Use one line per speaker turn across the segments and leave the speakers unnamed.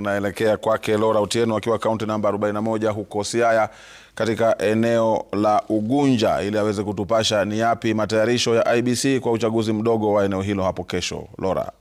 unaelekea kwake Lora Otieno akiwa kaunti namba 41 huko Siaya katika eneo la Ugunja ili aweze kutupasha ni yapi matayarisho ya IEBC kwa uchaguzi mdogo wa eneo hilo hapo kesho. Lora.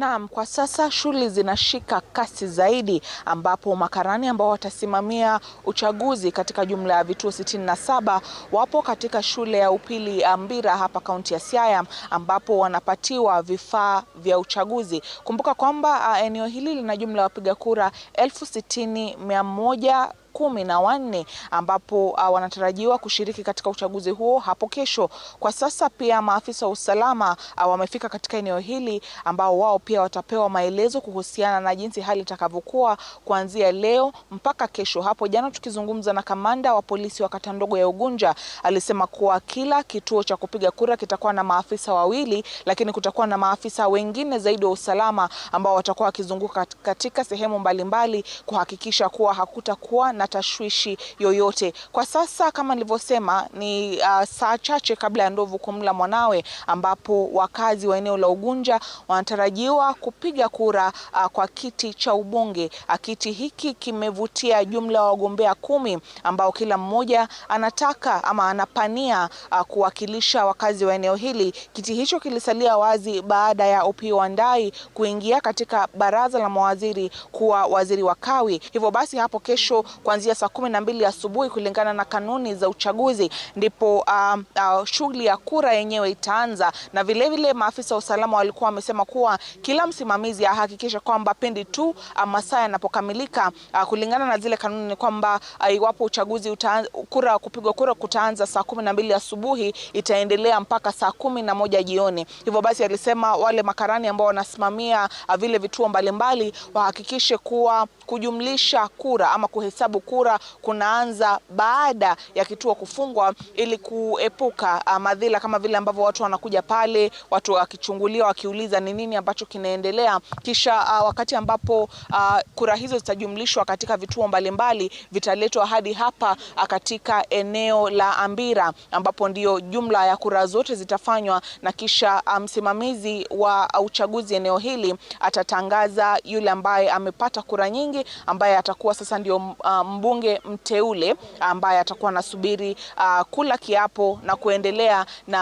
Naam, kwa sasa shughuli zinashika kasi zaidi ambapo makarani ambao watasimamia uchaguzi katika jumla ya vituo 67 wapo katika shule ya upili Mbira hapa kaunti ya Siaya ambapo wanapatiwa vifaa vya uchaguzi. Kumbuka kwamba ah, eneo hili lina jumla ya wapiga kura elfu sitini mia moja kumi na wanne ambapo uh, wanatarajiwa kushiriki katika uchaguzi huo hapo kesho. Kwa sasa pia maafisa wa usalama uh, wamefika katika eneo hili ambao wao pia watapewa maelezo kuhusiana na jinsi hali itakavyokuwa kuanzia leo mpaka kesho. Hapo jana tukizungumza na kamanda wa polisi wa kata ndogo ya Ugunja alisema kuwa kila kituo cha kupiga kura kitakuwa na maafisa wawili, lakini kutakuwa na maafisa wengine zaidi wa usalama ambao watakuwa wakizunguka katika sehemu mbalimbali kuhakikisha kuwa hakutakuwa na tashwishi yoyote. Kwa sasa kama nilivyosema, ni uh, saa chache kabla ya ndovu kumla mwanawe, ambapo wakazi wa eneo la Ugunja wanatarajiwa kupiga kura uh, kwa kiti cha ubunge. Ah, kiti hiki kimevutia jumla ya wagombea kumi ambao kila mmoja anataka ama anapania uh, kuwakilisha wakazi wa eneo hili. Kiti hicho kilisalia wazi baada ya Opiyo Wandayi kuingia katika baraza la mawaziri kuwa waziri wa kawi. Hivyo basi hapo kesho kwa kuanzia saa kumi na mbili asubuhi kulingana na kanuni za uchaguzi, ndipo uh, uh, shughuli ya kura yenyewe itaanza. Na vilevile maafisa wa usalama walikuwa wamesema kuwa kila msimamizi ahakikisha kwamba pindi tu uh, masaa yanapokamilika, uh, kulingana na zile kanuni ni kwamba uh, iwapo uchaguzi utaanza, kura kupigwa kura kutaanza saa kumi na mbili asubuhi itaendelea mpaka saa kumi na moja jioni. Hivyo basi alisema wale makarani ambao wanasimamia vile vituo mbalimbali wahakikishe kuwa kujumlisha kura ama kuhesabu kura kunaanza baada ya kituo kufungwa ili kuepuka ah, madhila kama vile ambavyo watu wanakuja pale, watu wakichungulia, wakiuliza ni nini ambacho kinaendelea, kisha ah, wakati ambapo ah, kura hizo zitajumlishwa katika vituo mbalimbali vitaletwa hadi hapa katika eneo la Ambira ambapo ndio jumla ya kura zote zitafanywa, na kisha msimamizi wa uchaguzi eneo hili atatangaza yule ambaye amepata kura nyingi Mwangi ambaye atakuwa sasa ndio uh, mbunge mteule ambaye atakuwa anasubiri uh, kula kiapo na kuendelea na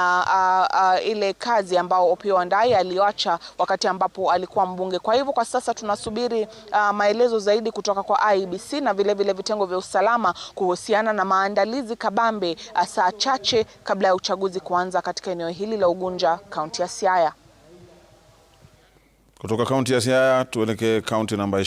uh, uh, ile kazi ambayo Opiyo Wandayi aliacha wakati ambapo alikuwa mbunge. Kwa hivyo kwa sasa tunasubiri uh, maelezo zaidi kutoka kwa IEBC na vilevile vile vitengo vya usalama kuhusiana na maandalizi kabambe uh, saa chache kabla ya uchaguzi kuanza katika eneo hili la Ugunja, kaunti ya Siaya.
Kutoka kaunti ya Siaya tuelekee kaunti namba